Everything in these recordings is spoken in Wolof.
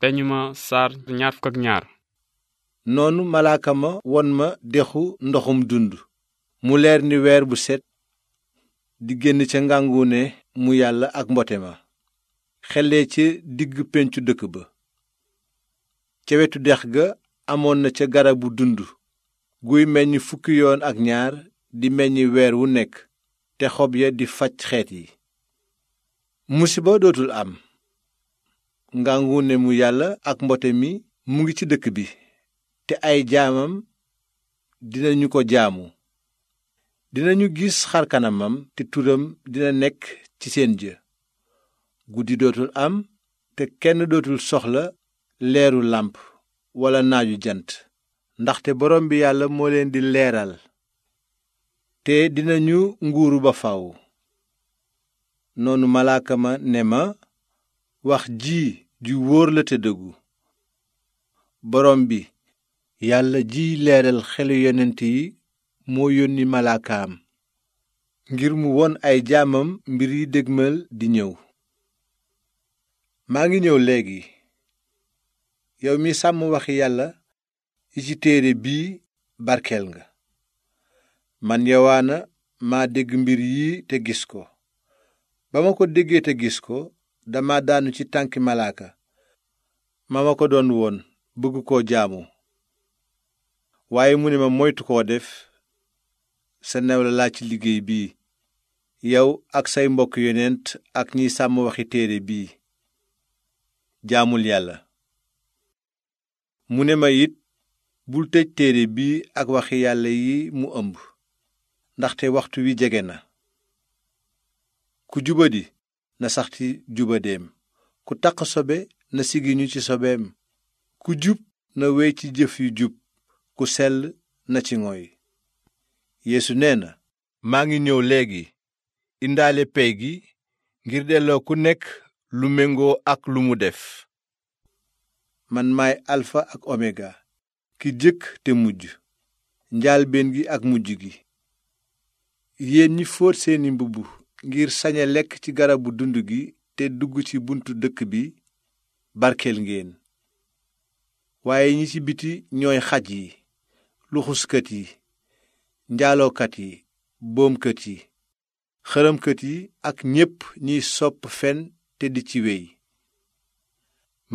peñu ma saar noonu malaaka ma won ma dexu ndoxum dund mu leer ni weer bu set di génn ca ngàngu mu yàlla ak mbote ma xellee ca diggu péncu dëkk ba ca wetu dex ga amoon na ca garabu dund guy meññ fukki yoon ak ñaar di meññi weer wu nekk te xob ya di faj xeet yi musiba dootul am ngàngu ne mu yàlla ak mbote mi mu ngi ci dëkk bi te ay jaamam dinañu ko jaamu dinañu gis xarkanamam te turam dina nekk ci seen jë guddi dootul am te kenn dootul soxla leeru làmp walla naaju jant ndaxte borom bi yàlla moo leen di leeral te dina ñu nguuru ba faw noonu malaaka ma ne ma wax ji ju wóor la te dëggu borom bi yàlla jiy leeral xelu yonent yi moo yónni malaakaam ngir mu won ay jaamam mbir yi dégmal di ñëw maa ngi ñëw léegi yow mi sàmm wax yàlla yi ci téere bii barkeel nga man yowaana maa dégg mbir yi te gis ko ba ma ko déggee te gis ko dama daanu ci tànki malaaka ma ma ko doon woon bëgg koo jaamu waaye mu ne ma moytu koo def sa newla laa ci liggéey bi yow ak say mbokk yonent ak ñiy sàmm waxi téere bii jaamul yàlla mu ne ma it bul tëj téere bii ak waxi yàlla yi mu ëmb ndaxte waxtu wi jege na ku juba jubadi na sax ci jubadeem ku taq sobe na sigiñu ci sobeem ku jub na wey ci jëf yu jub ku sell na ci ngoy yéesu nee na maa ngi ñëw léegi indaale pey gi ngir delloo ku nekk lu méngoo ak lu mu def man maay alfa ak omega ki jëkk te mujj njaalbeen gi ak mujj gi yéen ñi fóot seeni mbubb ngir saña lekk ci garabu dund gi te dugg ci buntu dëkk bi barkeel ngeen waaye ñi ci biti ñooy xaj yi luxuskat yi njaalookat yi boomkat yi xërëmkat yi ak ñépp ñiy sopp fen te di ci wey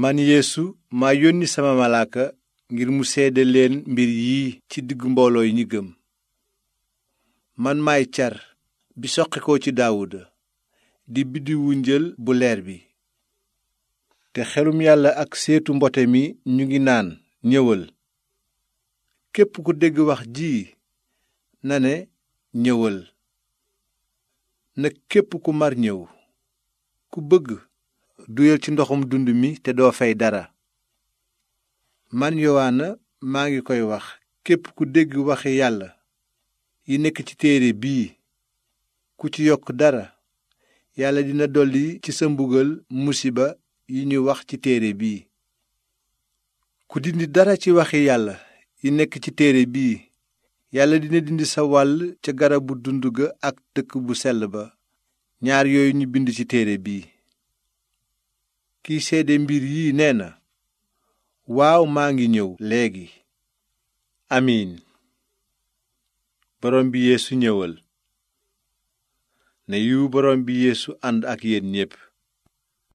man yéesu maa yónni sama malaaka ngir mu seede leen mbir yi ci diggu mbooloo yi ñi gëm man maay car bi soqikoo ci daawuda di biddiwu njël bu leer bi te xelum yàlla ak seetu mbote mi ñu ngi naan ñëwal képp ku dégg wax ji na ne ñëwal na képp ku mar ñëw ku bëgg duyal ci ndoxum dund mi te doo fay dara man yowaana maa ngi koy wax képp ku dégg waxi yàlla yi nekk ci téere bii ku ci yokk dara yàlla dina dolli ci sa mbugal musiba yi ñu wax ci téere bii ku dindi dara ci waxi yàlla yi nekk ci téere bii yàlla dina dindi sa wàll ca garabu dund ga ak dëkk bu sell ba ñaar yooyu ñu bind ci téere bii kiy seede mbir yii nee na waaw maa ngi ñëw léegi amiin borom bi yeesu ñëwal ne yiwu borom bi yéesu ànd ak yéen ñépp